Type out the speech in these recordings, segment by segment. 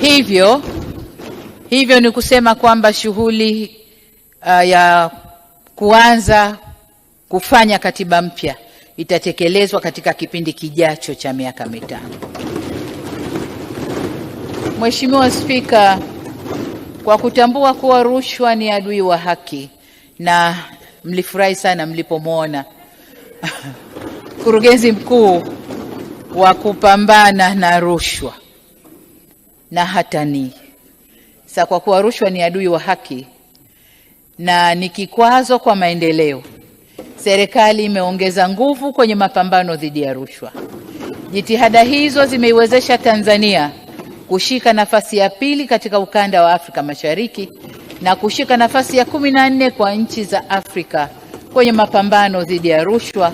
Hivyo hivyo ni kusema kwamba shughuli uh, ya kuanza kufanya katiba mpya itatekelezwa katika kipindi kijacho cha miaka mitano. Mheshimiwa Spika, kwa kutambua kuwa rushwa ni adui wa haki na mlifurahi sana mlipomwona mkurugenzi mkuu wa kupambana na rushwa na hata ni sa, kwa kuwa rushwa ni adui wa haki na ni kikwazo kwa maendeleo, serikali imeongeza nguvu kwenye mapambano dhidi ya rushwa. Jitihada hizo zimeiwezesha Tanzania kushika nafasi ya pili katika ukanda wa Afrika Mashariki na kushika nafasi ya kumi na nne kwa nchi za Afrika kwenye mapambano dhidi ya rushwa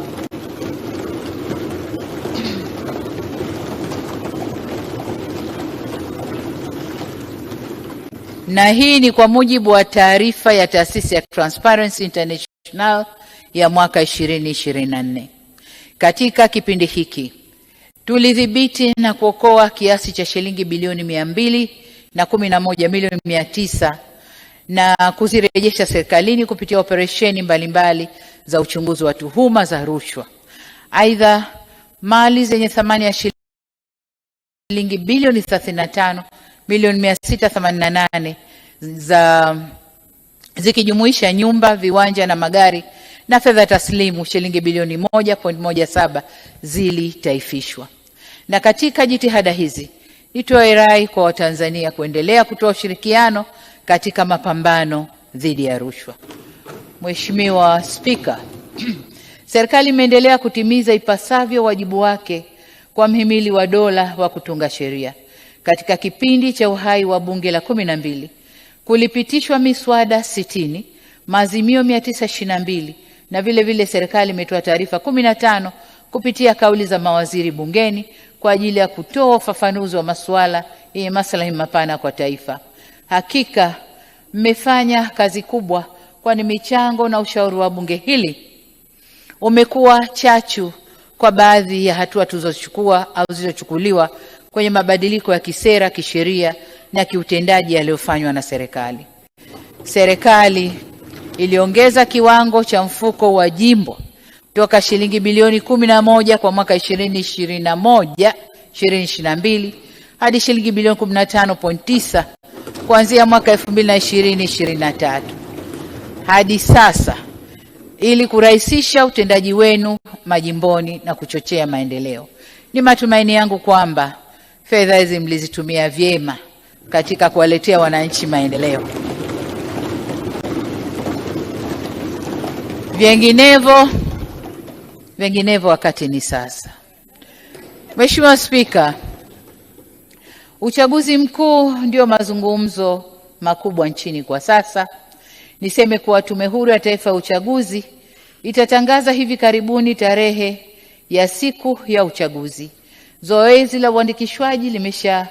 na hii ni kwa mujibu wa taarifa ya taasisi ya Transparency International ya mwaka 2024. Katika kipindi hiki tulidhibiti na kuokoa kiasi cha shilingi bilioni 211 milioni 900 na kuzirejesha serikalini kupitia operesheni mbalimbali za uchunguzi wa tuhuma za rushwa. Aidha, mali zenye thamani ya shilingi bilioni 35 milioni 688 za zikijumuisha nyumba, viwanja na magari na fedha taslimu shilingi bilioni 1.17 zilitaifishwa. Na katika jitihada hizi, nitoe rai kwa Watanzania kuendelea kutoa ushirikiano katika mapambano dhidi ya rushwa. Mheshimiwa Spika, serikali imeendelea kutimiza ipasavyo wajibu wake kwa mhimili wa dola wa kutunga sheria katika kipindi cha uhai wa bunge la kumi na mbili kulipitishwa miswada sitini, maazimio 922 na vile vile serikali imetoa taarifa 15 kupitia kauli za mawaziri bungeni kwa ajili ya kutoa ufafanuzi wa masuala yenye maslahi mapana kwa taifa. Hakika mmefanya kazi kubwa, kwani michango na ushauri wa bunge hili umekuwa chachu kwa baadhi ya hatua tulizochukua au zilizochukuliwa kwenye mabadiliko ya kisera, kisheria na kiutendaji yaliyofanywa na serikali. Serikali iliongeza kiwango cha mfuko wa jimbo toka shilingi bilioni 11 kwa mwaka 2021 2022 hadi shilingi bilioni 15.9 kuanzia mwaka 2020-2023 hadi sasa ili kurahisisha utendaji wenu majimboni na kuchochea maendeleo. Ni matumaini yangu kwamba Fedha hizi mlizitumia vyema katika kuwaletea wananchi maendeleo, vinginevyo vinginevyo wakati ni sasa. Mheshimiwa Spika, uchaguzi mkuu ndio mazungumzo makubwa nchini kwa sasa. Niseme kuwa Tume Huru ya Taifa ya Uchaguzi itatangaza hivi karibuni tarehe ya siku ya uchaguzi Zoezi la uandikishwaji limesha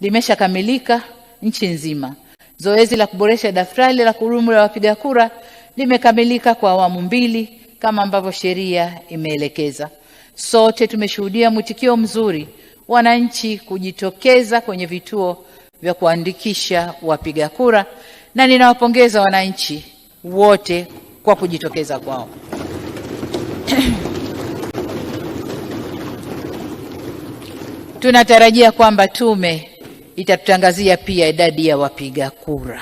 limeshakamilika nchi nzima. Zoezi la kuboresha daftari la kudumu la wapiga kura limekamilika kwa awamu mbili kama ambavyo sheria imeelekeza. Sote tumeshuhudia mwitikio mzuri wananchi kujitokeza kwenye vituo vya kuandikisha wapiga kura, na ninawapongeza wananchi wote kwa kujitokeza kwao. Tunatarajia kwamba tume itatutangazia pia idadi ya wapiga kura.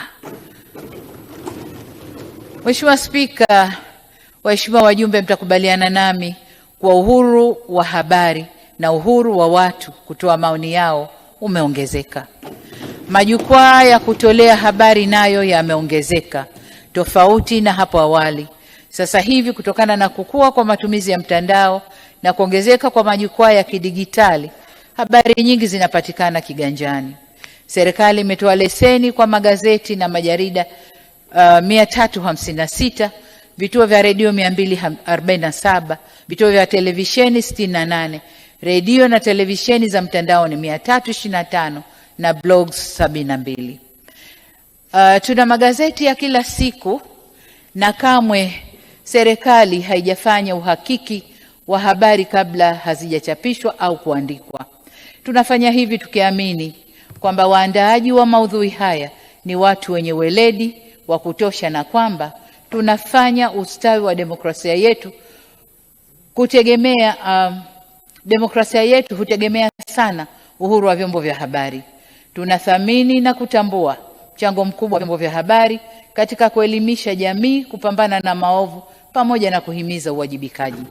Mheshimiwa Spika, waheshimiwa wajumbe, mtakubaliana nami kwa uhuru wa habari na uhuru wa watu kutoa maoni yao umeongezeka. Majukwaa ya kutolea habari nayo yameongezeka tofauti na hapo awali. Sasa hivi kutokana na kukua kwa matumizi ya mtandao na kuongezeka kwa majukwaa ya kidigitali habari nyingi zinapatikana kiganjani. Serikali imetoa leseni kwa magazeti na majarida uh, 356, vituo vya redio 247, vituo vya televisheni 68, redio na televisheni za mtandaoni 325 na blogs 72. Uh, tuna magazeti ya kila siku na kamwe serikali haijafanya uhakiki wa habari kabla hazijachapishwa au kuandikwa. Tunafanya hivi tukiamini kwamba waandaaji wa maudhui haya ni watu wenye weledi wa kutosha na kwamba tunafanya ustawi wa demokrasia yetu kutegemea um, demokrasia yetu hutegemea sana uhuru wa vyombo vya habari. Tunathamini na kutambua mchango mkubwa wa vyombo vya habari katika kuelimisha jamii, kupambana na maovu pamoja na kuhimiza uwajibikaji.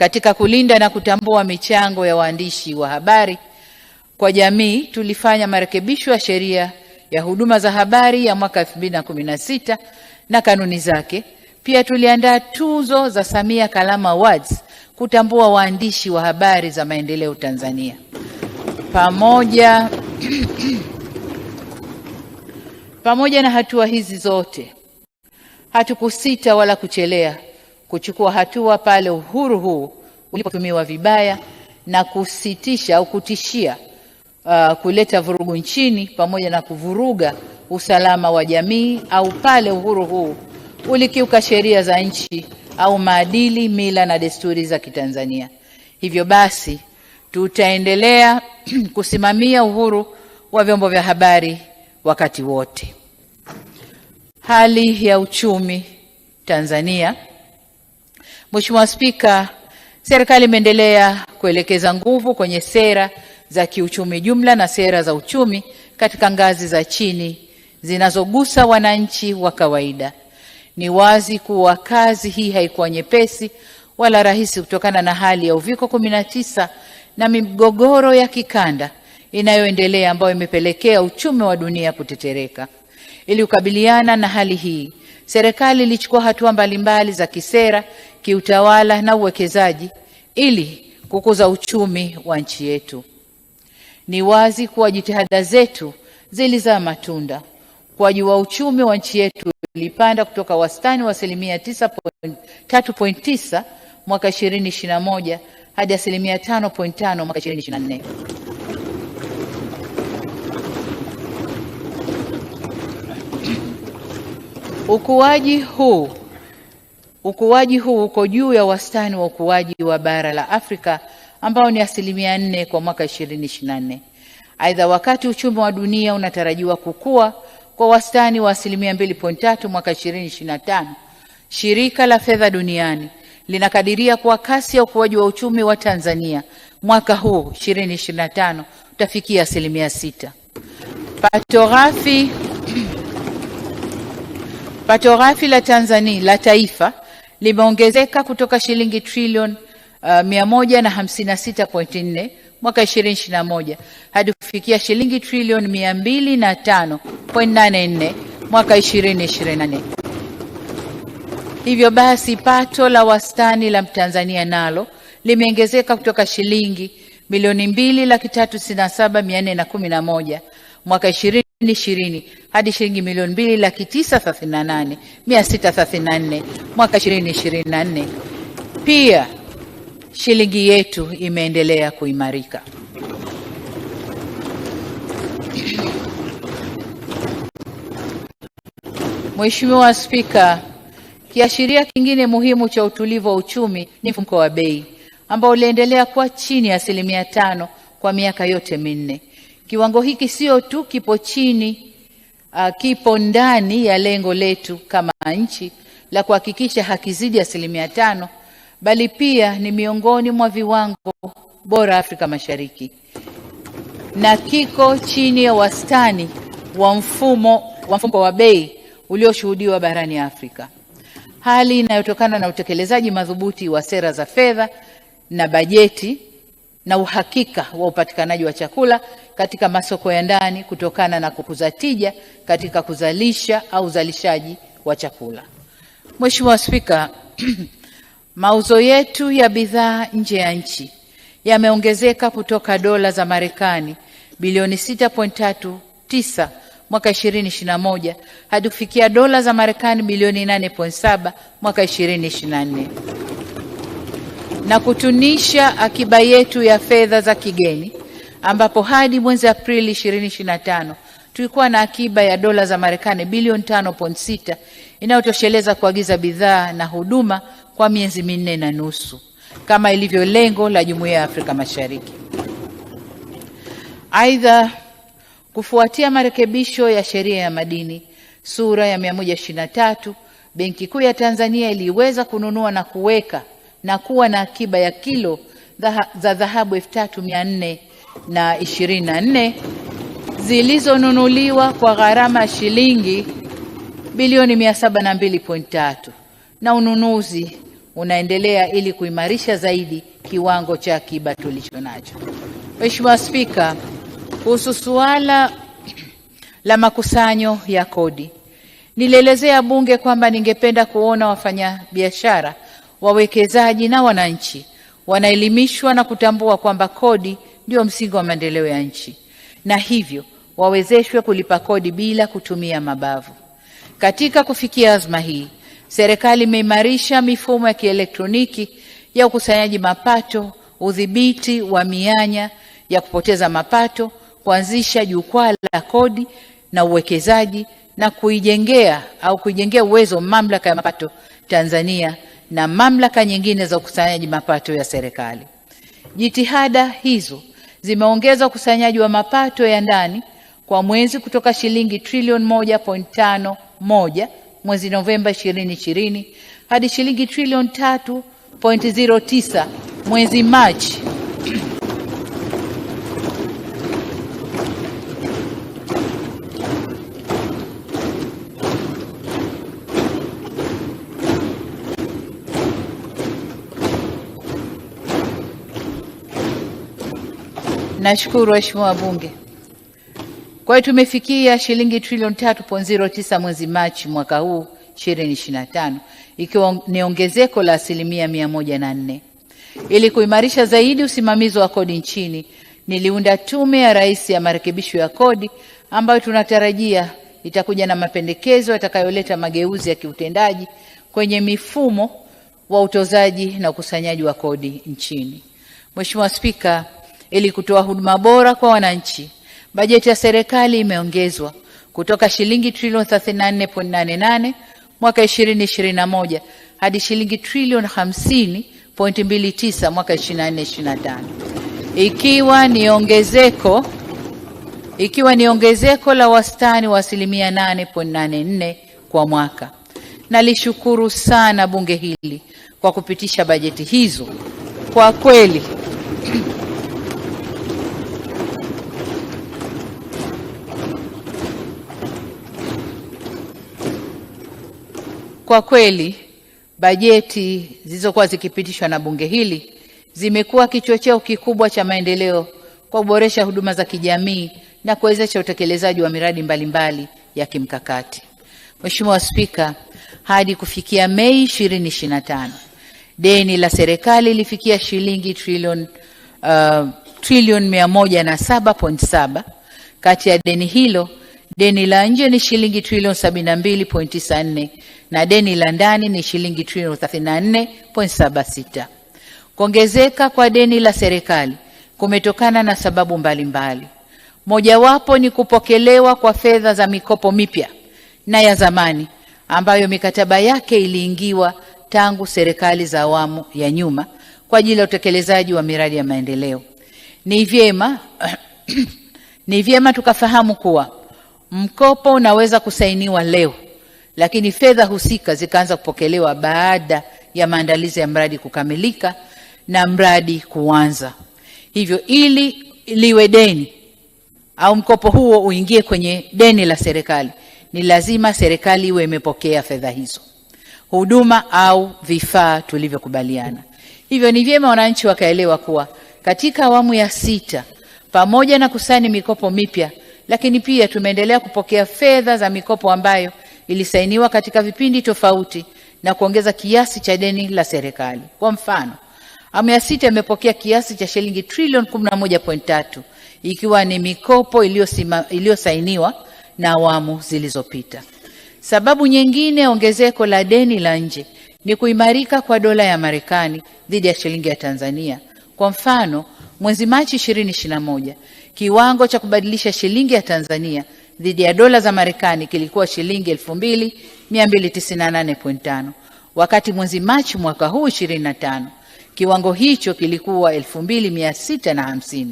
Katika kulinda na kutambua michango ya waandishi wa habari kwa jamii, tulifanya marekebisho ya sheria ya huduma za habari ya mwaka 2016 na kanuni zake. Pia tuliandaa tuzo za Samia Kalama Awards kutambua waandishi wa habari za maendeleo Tanzania pamoja pamoja na hatua hizi zote, hatukusita wala kuchelea kuchukua hatua pale uhuru huu ulipotumiwa vibaya na kusitisha au kutishia uh, kuleta vurugu nchini pamoja na kuvuruga usalama wa jamii au pale uhuru huu ulikiuka sheria za nchi au maadili, mila na desturi za Kitanzania. Hivyo basi tutaendelea kusimamia uhuru wa vyombo vya habari wakati wote. Hali ya uchumi Tanzania Mheshimiwa Spika, serikali imeendelea kuelekeza nguvu kwenye sera za kiuchumi jumla na sera za uchumi katika ngazi za chini zinazogusa wananchi wa kawaida. Ni wazi kuwa kazi hii haikuwa nyepesi wala rahisi kutokana na hali ya uviko 19 na migogoro ya kikanda inayoendelea ambayo imepelekea uchumi wa dunia kutetereka. Ili kukabiliana na hali hii, Serikali ilichukua hatua mbalimbali za kisera, kiutawala na uwekezaji ili kukuza uchumi wa nchi yetu. Ni wazi kuwa jitihada zetu zilizaa matunda. Ukuaji wa uchumi wa nchi yetu ulipanda kutoka wastani wa asilimia 3.9 mwaka 2021 hadi asilimia 5.5 mwaka 2024. Ukuaji huu ukuaji huu uko juu ya wastani wa ukuaji wa bara la Afrika ambao ni asilimia nne kwa mwaka 2024. Aidha, wakati uchumi wa dunia unatarajiwa kukua kwa wastani wa asilimia 2.3 mwaka 2025, shirika la fedha duniani linakadiria kuwa kasi ya ukuaji wa uchumi wa Tanzania mwaka huu 2025 utafikia asilimia 6. Pato ghafi Pato ghafi la Tanzania la taifa limeongezeka kutoka shilingi trilioni uh, 156.4 mwaka 2021 hadi kufikia shilingi trilioni 205.84 mwaka 2024. Hivyo basi pato la wastani la Mtanzania nalo limeongezeka kutoka shilingi milioni mbili laki tatu mwaka ishirini hadi shilingi milioni mbili laki tisa thelathini na nane mia sita thelathini na nne mwaka nne. Pia shilingi yetu imeendelea kuimarika. Mheshimiwa Spika, kiashiria kingine muhimu cha utulivu wa uchumi ni mfumko wa bei ambao uliendelea kuwa chini ya asilimia tano kwa miaka yote minne. Kiwango hiki sio tu kipo chini uh, kipo ndani ya lengo letu kama nchi la kuhakikisha hakizidi asilimia tano, bali pia ni miongoni mwa viwango bora Afrika Mashariki na kiko chini ya wastani wa mfumo wa mfumo wa bei ulioshuhudiwa barani Afrika, hali inayotokana na utekelezaji madhubuti wa sera za fedha na bajeti na uhakika wa upatikanaji wa chakula katika masoko ya ndani kutokana na kukuza tija katika kuzalisha au uzalishaji wa chakula. Mheshimiwa Spika, mauzo yetu ya bidhaa nje ya nchi yameongezeka kutoka dola za Marekani bilioni 6.39 mwaka 2021 hadi kufikia dola za Marekani bilioni 8.7 mwaka 2024 na kutunisha akiba yetu ya fedha za kigeni ambapo hadi mwezi Aprili 2025 tulikuwa na akiba ya dola za Marekani bilioni 5.6 inayotosheleza kuagiza bidhaa na huduma kwa miezi minne na nusu kama ilivyo lengo la Jumuiya ya Afrika Mashariki. Aidha, kufuatia marekebisho ya sheria ya madini sura ya 123, Benki Kuu ya Tanzania iliweza kununua na kuweka na kuwa na akiba ya kilo za dhahabu elfu na nne zilizonunuliwa kwa gharama ya shilingi bilioni 702.3 na ununuzi unaendelea ili kuimarisha zaidi kiwango cha akiba tulicho nacho. Mheshimiwa Spika, kuhusu suala la makusanyo ya kodi, nilielezea Bunge kwamba ningependa kuona wafanyabiashara wawekezaji na wananchi wanaelimishwa na kutambua kwamba kodi ndio msingi wa maendeleo ya nchi na hivyo wawezeshwe kulipa kodi bila kutumia mabavu. Katika kufikia azma hii, serikali imeimarisha mifumo ya kielektroniki ya ukusanyaji mapato, udhibiti wa mianya ya kupoteza mapato, kuanzisha jukwaa la kodi na uwekezaji na kuijengea au kuijengea uwezo mamlaka ya mapato Tanzania na mamlaka nyingine za ukusanyaji mapato ya serikali. Jitihada hizo zimeongeza ukusanyaji wa mapato ya ndani kwa mwezi kutoka shilingi trilioni 1.51 mwezi Novemba 2020 hadi shilingi trilioni 3.09 mwezi Machi Nashukuru Mheshimiwa Bunge. Kwa hiyo tumefikia shilingi trilioni 3.09 mwezi Machi mwaka huu 2025 ikiwa ni ongezeko la asilimia 104. Ili kuimarisha zaidi usimamizi wa kodi nchini, niliunda Tume ya Rais ya Marekebisho ya Kodi ambayo tunatarajia itakuja na mapendekezo yatakayoleta mageuzi ya kiutendaji kwenye mifumo wa utozaji na ukusanyaji wa kodi nchini. Mheshimiwa Spika, ili kutoa huduma bora kwa wananchi. Bajeti ya serikali imeongezwa kutoka shilingi trilioni 34.88 mwaka 2021 hadi shilingi trilioni 50.29 mwaka 2024/2025 ikiwa ni ongezeko ikiwa ni ongezeko la wastani wa asilimia 8.84 kwa mwaka. Nalishukuru sana bunge hili kwa kupitisha bajeti hizo kwa kweli Kwa kweli bajeti zilizokuwa zikipitishwa na bunge hili zimekuwa kichocheo kikubwa cha maendeleo kwa kuboresha huduma za kijamii na kuwezesha utekelezaji wa miradi mbalimbali mbali ya kimkakati. Mheshimiwa Spika, hadi kufikia Mei 2025 deni la serikali lilifikia shilingi trilioni uh, trilioni 107.7. Kati ya deni hilo deni la nje ni shilingi trilioni 72.94 na deni la ndani ni shilingi trilioni 34.76. Kuongezeka kwa deni la serikali kumetokana na sababu mbalimbali, mojawapo ni kupokelewa kwa fedha za mikopo mipya na ya zamani ambayo mikataba yake iliingiwa tangu serikali za awamu ya nyuma kwa ajili ya utekelezaji wa miradi ya maendeleo. Ni vyema ni vyema tukafahamu kuwa mkopo unaweza kusainiwa leo lakini fedha husika zikaanza kupokelewa baada ya maandalizi ya mradi kukamilika na mradi kuanza. Hivyo ili liwe deni au mkopo huo uingie kwenye deni la serikali, ni lazima serikali iwe imepokea fedha hizo, huduma au vifaa tulivyokubaliana. Hivyo ni vyema wananchi wakaelewa kuwa katika awamu ya sita, pamoja na kusani mikopo mipya, lakini pia tumeendelea kupokea fedha za mikopo ambayo ilisainiwa katika vipindi tofauti na kuongeza kiasi cha deni la serikali. Kwa mfano, awamu ya sita imepokea kiasi cha shilingi trilioni 11.3 ikiwa ni mikopo iliyosainiwa na awamu zilizopita. Sababu nyingine ongezeko la deni la nje ni kuimarika kwa dola ya Marekani dhidi ya shilingi ya Tanzania. Kwa mfano, mwezi Machi 2021 kiwango cha kubadilisha shilingi ya Tanzania dhidi ya dola za Marekani kilikuwa shilingi 2298.5 wakati mwezi Machi mwaka huu 25 kiwango hicho kilikuwa 2650.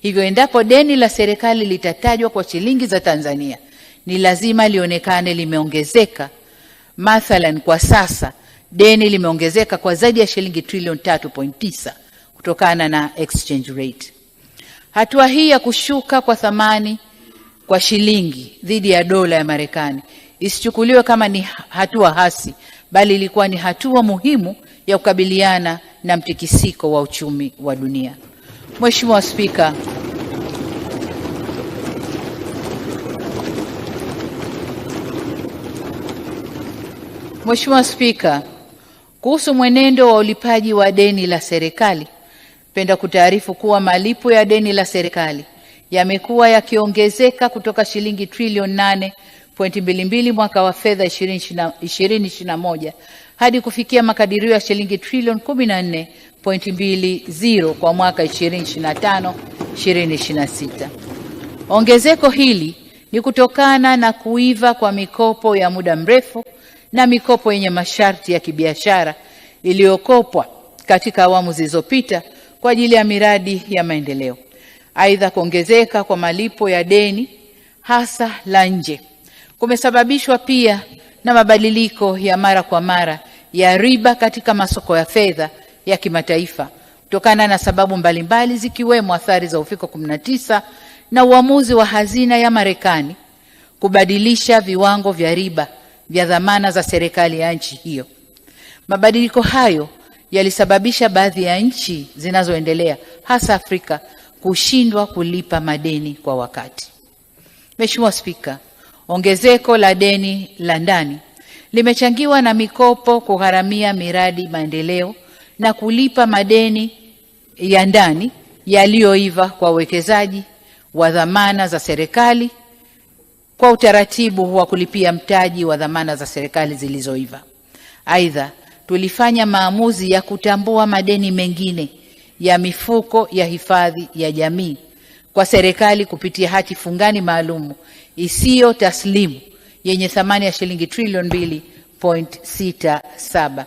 Hivyo endapo deni la serikali litatajwa kwa shilingi za Tanzania ni lazima lionekane limeongezeka. Mathalan, kwa sasa deni limeongezeka kwa zaidi ya shilingi trilioni 3.9 kutokana na exchange rate. Hatua hii ya kushuka kwa thamani kwa shilingi dhidi ya dola ya Marekani isichukuliwe kama ni hatua hasi, bali ilikuwa ni hatua muhimu ya kukabiliana na mtikisiko wa uchumi wa dunia. Mheshimiwa Spika, Mheshimiwa Spika, kuhusu mwenendo wa ulipaji wa deni la serikali, penda kutaarifu kuwa malipo ya deni la serikali yamekuwa yakiongezeka kutoka shilingi trilioni 8.22 mwaka wa fedha 2021 hadi kufikia makadirio ya shilingi trilioni zero kwa mwaka 2025 2026. Ongezeko hili ni kutokana na kuiva kwa mikopo ya muda mrefu na mikopo yenye masharti ya kibiashara iliyokopwa katika awamu zilizopita kwa ajili ya miradi ya maendeleo. Aidha, kuongezeka kwa malipo ya deni hasa la nje kumesababishwa pia na mabadiliko ya mara kwa mara ya riba katika masoko ya fedha ya kimataifa kutokana na sababu mbalimbali zikiwemo athari za uviko 19 na uamuzi wa hazina ya Marekani kubadilisha viwango vya riba vya dhamana za serikali ya nchi hiyo. Mabadiliko hayo yalisababisha baadhi ya nchi zinazoendelea hasa Afrika kushindwa kulipa madeni kwa wakati. Mheshimiwa Spika, ongezeko la deni la ndani limechangiwa na mikopo kugharamia miradi maendeleo na kulipa madeni ya ndani yaliyoiva kwa wawekezaji wa dhamana za serikali kwa utaratibu wa kulipia mtaji wa dhamana za serikali zilizoiva. Aidha, tulifanya maamuzi ya kutambua madeni mengine ya mifuko ya hifadhi ya jamii kwa serikali kupitia hati fungani maalumu isiyo taslimu yenye thamani ya shilingi trilioni 2.67.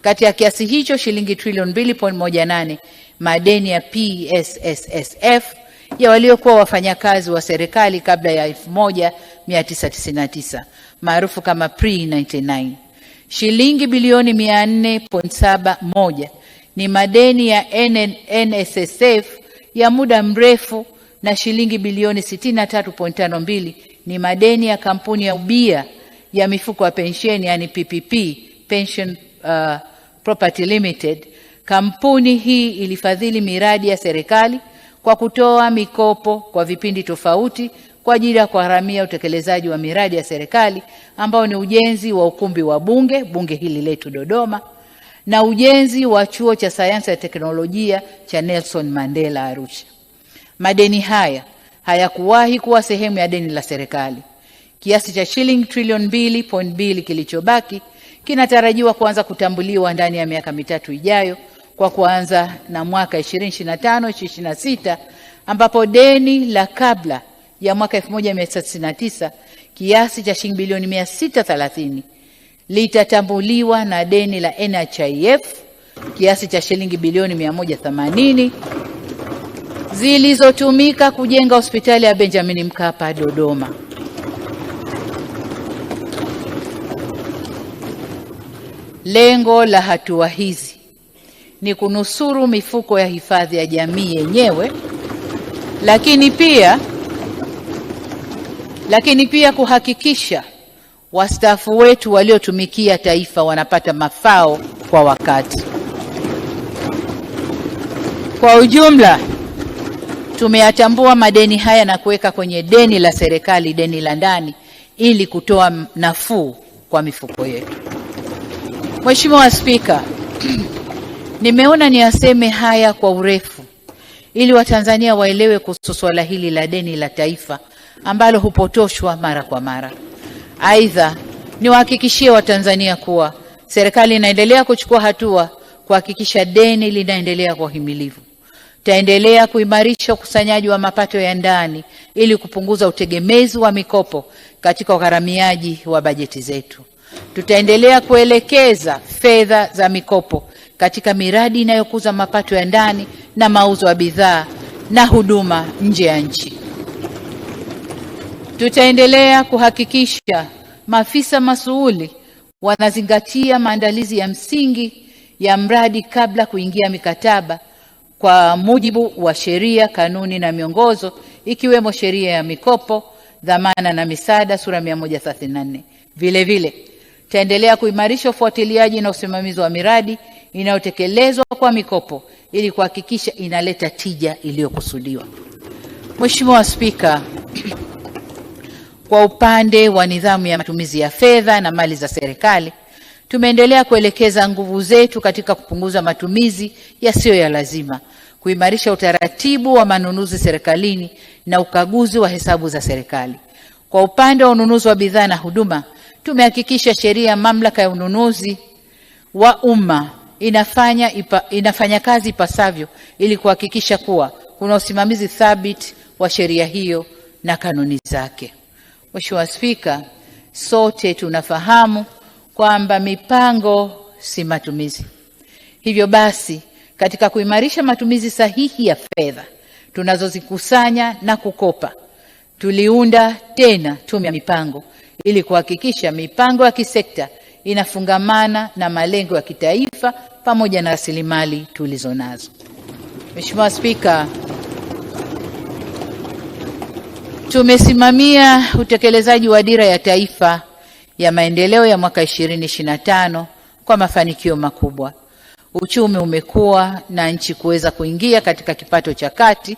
Kati ya kiasi hicho shilingi trilioni 2.18 madeni ya PSSSF ya waliokuwa wafanyakazi wa serikali kabla ya 1999 maarufu kama pre 99, shilingi bilioni 400.71 ni madeni ya NSSF ya muda mrefu na shilingi bilioni 63.52 ni madeni ya kampuni ya ubia ya mifuko ya pensheni yani PPP Pension uh, Property Limited. Kampuni hii ilifadhili miradi ya serikali kwa kutoa mikopo kwa vipindi tofauti kwa ajili ya kuharamia utekelezaji wa miradi ya serikali ambao ni ujenzi wa ukumbi wa bunge bunge hili letu Dodoma na ujenzi wa chuo cha sayansi na teknolojia cha Nelson Mandela Arusha. Madeni haya hayakuwahi kuwa sehemu ya deni la serikali. Kiasi cha shilingi trilioni 2.2 kilichobaki kinatarajiwa kuanza kutambuliwa ndani ya miaka mitatu ijayo kwa kuanza na mwaka 2025 2026, ambapo deni la kabla ya mwaka 1999 kiasi cha shilingi bilioni 630 litatambuliwa na deni la NHIF kiasi cha shilingi bilioni 180 zilizotumika kujenga hospitali ya Benjamin Mkapa Dodoma. Lengo la hatua hizi ni kunusuru mifuko ya hifadhi ya jamii yenyewe, lakini pia lakini pia kuhakikisha wastaafu wetu waliotumikia taifa wanapata mafao kwa wakati. Kwa ujumla, tumeyatambua madeni haya na kuweka kwenye deni la serikali, deni la ndani, ili kutoa nafuu kwa mifuko yetu. Mheshimiwa Spika, nimeona ni aseme haya kwa urefu ili Watanzania waelewe kuhusu swala hili la deni la taifa ambalo hupotoshwa mara kwa mara. Aidha, niwahakikishie Watanzania kuwa serikali inaendelea kuchukua hatua kuhakikisha deni linaendelea kwa himilivu. Taendelea kuimarisha ukusanyaji wa mapato ya ndani ili kupunguza utegemezi wa mikopo katika ugharamiaji wa bajeti zetu. Tutaendelea kuelekeza fedha za mikopo katika miradi inayokuza mapato ya ndani na mauzo ya bidhaa na huduma nje ya nchi. Tutaendelea kuhakikisha maafisa masuuli wanazingatia maandalizi ya msingi ya mradi kabla kuingia mikataba kwa mujibu wa sheria, kanuni na miongozo ikiwemo sheria ya mikopo, dhamana na misaada sura 134. Vile vile taendelea kuimarisha ufuatiliaji na usimamizi wa miradi inayotekelezwa kwa mikopo ili kuhakikisha inaleta tija iliyokusudiwa. Mheshimiwa Spika kwa upande wa nidhamu ya matumizi ya fedha na mali za serikali, tumeendelea kuelekeza nguvu zetu katika kupunguza matumizi yasiyo ya lazima, kuimarisha utaratibu wa manunuzi serikalini na ukaguzi wa hesabu za serikali. Kwa upande wa ununuzi wa bidhaa na huduma, tumehakikisha sheria ya mamlaka ya ununuzi wa umma inafanya, ipa, inafanya kazi ipasavyo ili kuhakikisha kuwa kuna usimamizi thabiti wa sheria hiyo na kanuni zake. Mheshimiwa Spika, sote tunafahamu kwamba mipango si matumizi. Hivyo basi, katika kuimarisha matumizi sahihi ya fedha tunazozikusanya na kukopa, tuliunda tena tume ya mipango ili kuhakikisha mipango ya kisekta inafungamana na malengo ya kitaifa pamoja na rasilimali tulizonazo. Mheshimiwa Spika, Tumesimamia utekelezaji wa dira ya taifa ya maendeleo ya mwaka 2025 kwa mafanikio makubwa. Uchumi umekuwa na nchi kuweza kuingia katika kipato cha kati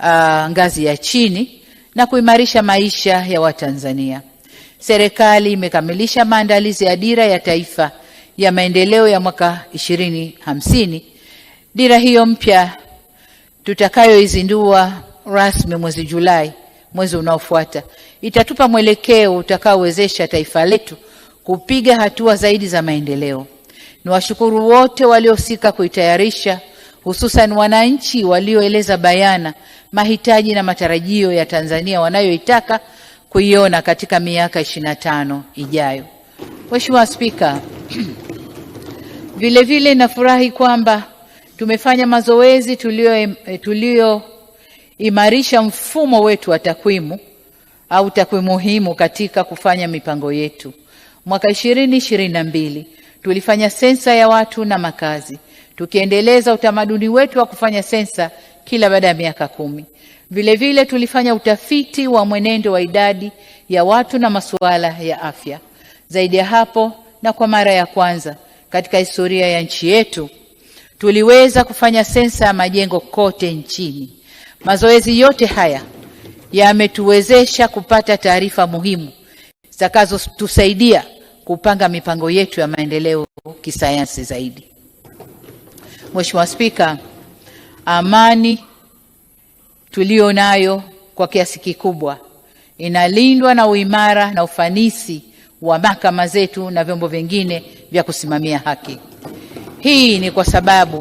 uh, ngazi ya chini na kuimarisha maisha ya Watanzania. Serikali imekamilisha maandalizi ya dira ya taifa ya maendeleo ya mwaka 2050. Dira hiyo mpya tutakayoizindua rasmi mwezi Julai mwezi unaofuata, itatupa mwelekeo utakaowezesha taifa letu kupiga hatua zaidi za maendeleo. Niwashukuru wote waliohusika kuitayarisha, hususan wananchi walioeleza bayana mahitaji na matarajio ya Tanzania wanayoitaka kuiona katika miaka 25 ijayo. Mheshimiwa Spika, vilevile nafurahi kwamba tumefanya mazoezi tulio, eh, tulio imarisha mfumo wetu wa takwimu au takwimu muhimu katika kufanya mipango yetu. Mwaka 2022 tulifanya sensa ya watu na makazi, tukiendeleza utamaduni wetu wa kufanya sensa kila baada ya miaka kumi. Vile vile tulifanya utafiti wa mwenendo wa idadi ya watu na masuala ya afya. Zaidi ya hapo, na kwa mara ya kwanza katika historia ya nchi yetu tuliweza kufanya sensa ya majengo kote nchini. Mazoezi yote haya yametuwezesha kupata taarifa muhimu zitakazotusaidia kupanga mipango yetu ya maendeleo kisayansi zaidi. Mheshimiwa Spika, amani tuliyo nayo kwa kiasi kikubwa inalindwa na uimara na ufanisi wa mahakama zetu na vyombo vingine vya kusimamia haki. Hii ni kwa sababu